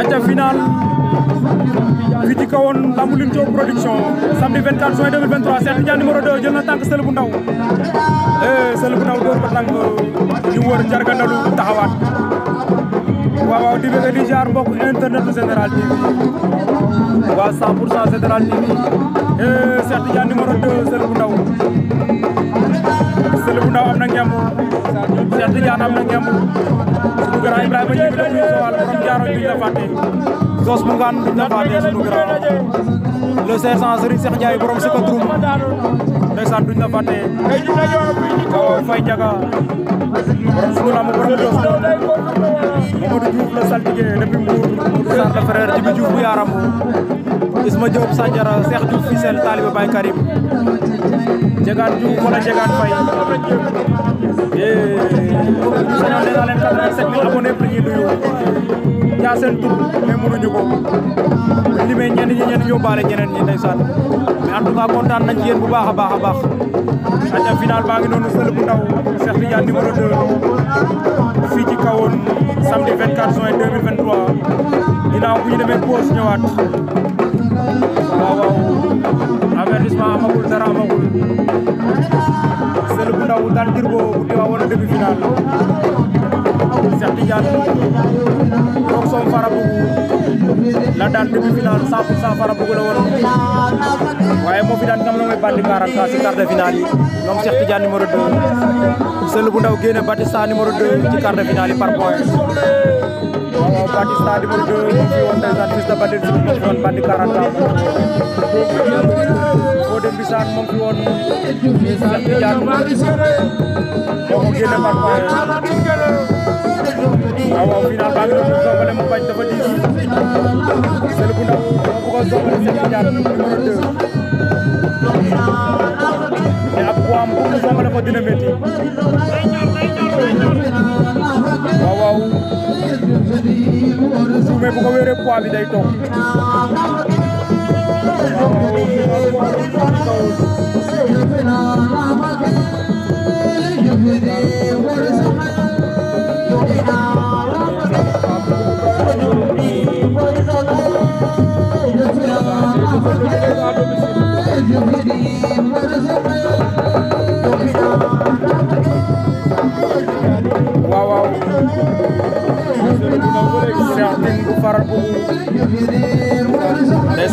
aca final fii ci kawoon lambu Limthio production samedi 24 juin numéro 2 jël na tànk Seul bu ndaw eh, Seul bu ndaw door ko tànk ñu wër taxawaat waaw waaw di jaar mbokk internet Général eh, bu ndaw Seul bu ndaw am na ngemb Cheikh Tidiane am na ngemb sunu grand Ibrahima Djibi la muy sowal borom jaaro duñ la duñ la fàtte sunu grand le sergent Serigne Cheikh Ndiaye borom saka turum ndeysaan duñ la fàtte kaw fay jaga la saltige depuis Mbour Moudou Sarr le Isma Diop Sandiara Cheikh Diouf Fissel taalibe Baye Karim Diegane Diouf wala Diegane Faye yee sañoon nee naa leen 87 mille abonnés ñaa seen li may ñenn ñi ñenn ñoo baale ñeneen ñi ndeysaan kontaan nañ ci bu baax a baax a baax aca final baa ngi noonu sël bu ndaw Cheikh Tidiane numéro 2 fii ci kawoon samedi 24 juin 2023 ginnaaw bu ñu demee pause ñëwaat waaw waaw avertissement amagul dara amagul Seul bu ndaw bu daan Turbo bu Tivaouane demi-finale Cheikh Tidiane Roxon Farabougou la daan demi-finale 100 pour 100 Farabougou la woon waaye moo fi daan kam la mooy bandi 40 ci quart de finale yi ñoom Cheikh Tidiane numéro 2 bu ndaw génne Batista numéro 2 ci quart de par point Pakistani ಮುರ್ಗು ಮುಫಿ ಒಂದೇ ಸಾನ್ ಫಿಸ್ತ ಬಡ್ಡಿ ಮುಫಿ ಒನ್ ಬಡ್ಡಿ bisa ಕೋಡೆ ಬಿಸಾನ್ tidak ಒನ್ ಬಿಸಾನ್ ಬಿಜಾನ್ ಮೊಹೊ final bagi lu pada empat dapat di sel aku buka ya aku sama dapat dinamiti su ma bu ko wéeree poids bi day toog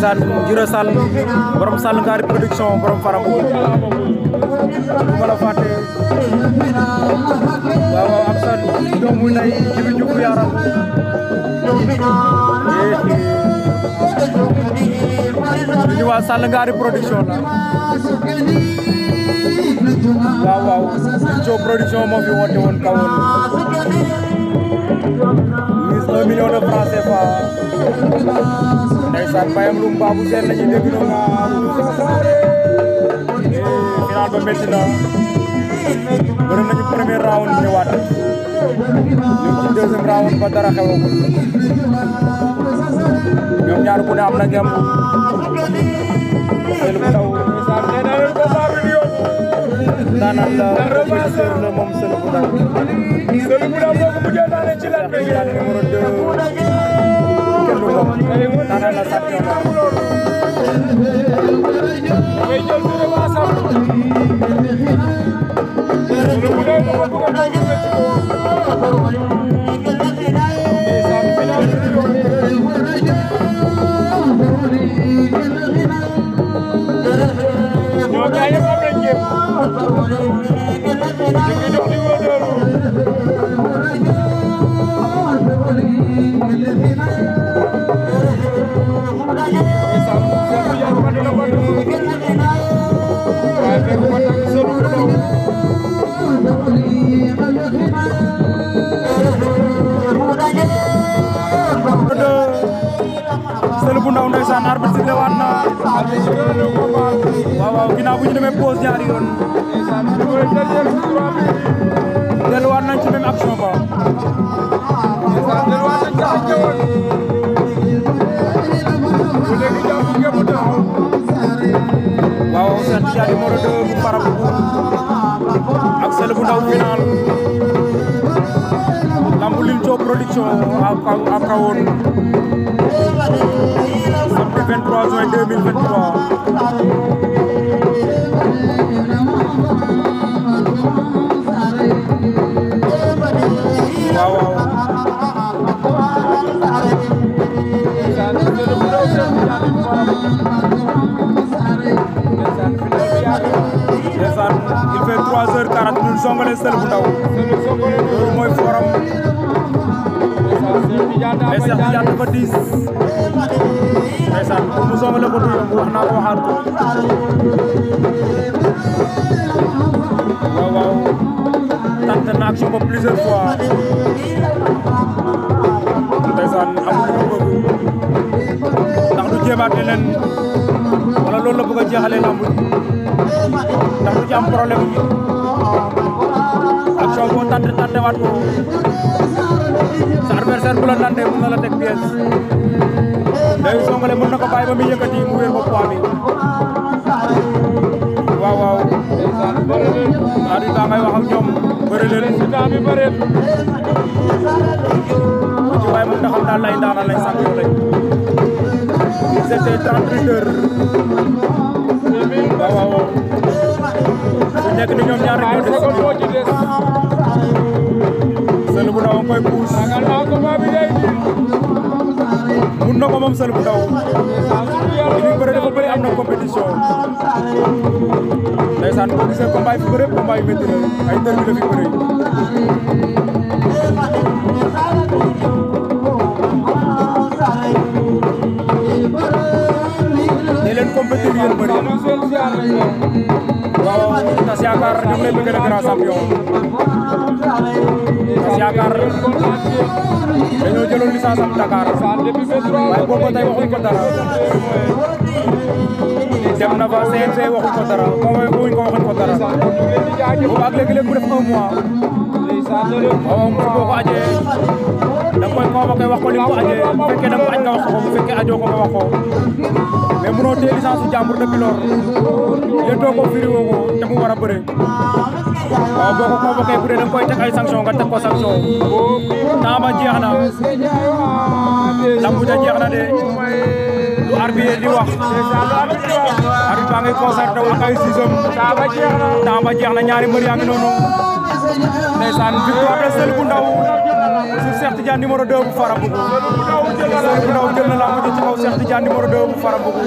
ndeysaan Jura Sall borom Sall Ngari production borom faram bu ma la fàtte waaw waaw am sàn doomu nay jibi jub yaram ñu waa Sall Ngari production la waaw waaw Joe production moo fi woote woon kawoon mise un million de francs CFA ndeysaan bayam lu baabu seen la ñuy dégg noonu final ba métti na bëri nañu premier round ñëwaat ñoom ci deuxième round ba dara xewagul ñoom ñaar ku ne am na ngem jël bu ndaw ndeysaan nee naa leen combat bi yoon naanaan la professeur la moom sël bu ndaw sël bu ndaw moo ko mujjee daane ci lan তারা না Thank you. waaw ginnaaw bu ñu demee pause ñaari yoon. delluwaat nañ ci même action ba. delluwaat nañ ci action ba. bu léegi jàpp ngeen mu taxaw. waaw seen Thia numéro 2 bu ak Sélé bu ndaw final. Lambu Lil Diop production ak ak kawoon. 23 juin 2023 waaw waaw il fait 3 heures 40 minutes songole sel bu ndaw loolu mooy forum mais Cheikh Tidiane dafa diis ndeysaan mu soobale ko du yomb wax naa ko waxaat ko waaw waaw tànn naa ak sama plusieurs fois ndeysaan amul lu mu bëgg ndax du jéemaat leneen wala loolu la bëgg a jeexalee lamb ndax du ci am problème bi action boo tànn tànnewaat ko adversaire bu la nandee mën na mën na ko bàyyi ba muy yëkkati mu wéer ba poids bi waaw waaw adi daa ngay wax ak ñoom bëri leen si daa bi bëri bu ci waaye mën na xam daal lay ndaanaan lañ sànq lañ c'était 38 heures waaw waaw su nekk ni ñoom ñaar ñoo des koy puus mun na ko moom Sele bu Ndaw li muy bëre dafa bëri am na compétition ndeysaan bu gisee combat yi fi bëre combat yu métti la ay tër bi la fi bëre ne leen compétir yéen bëri waaw tas yaakaar ñoom lay bëgg a grand champion yaakaar dañoo jëloon licence am Dakar waaye boobu ba tey waxuñ ko dara dem na fa CNG waxuñ ko dara convoqué ko dara boobu ak léegi-léegi bu def un mois waaw ko ajee ko li ko ajee bu fekkee da nga ko aj ko bu ko wax ko mais mënoo téye licence su jàmbur depuis lors yëttoo woo ko te mu a bëre boo ko convoqué bu dee koy teg ay sanction nga ko sanction temps ba jeex na lambu ja jeex na de lu arbitre di wax arbitre baa ngi concerté wu ak ay sixième temps ba jeex na ñaari mbër yaa ngi noonu ndeysaan victoire de Seul bu ndaw su Cheikh ja numéro 2 bu Farabougou Cheikh bu ndaw jël na lamb ji ci kaw Cheikh Tidiane numéro 2 bu Farabougou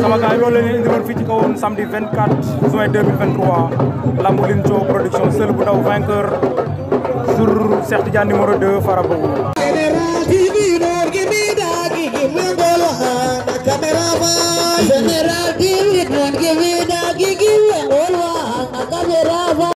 sama gars yi loolu la leen indiloon ci kawoon samedi 24 juin 2023 production Seul bu ndaw vainqueur sur Cheikh Tidiane numéro 2 Farabougou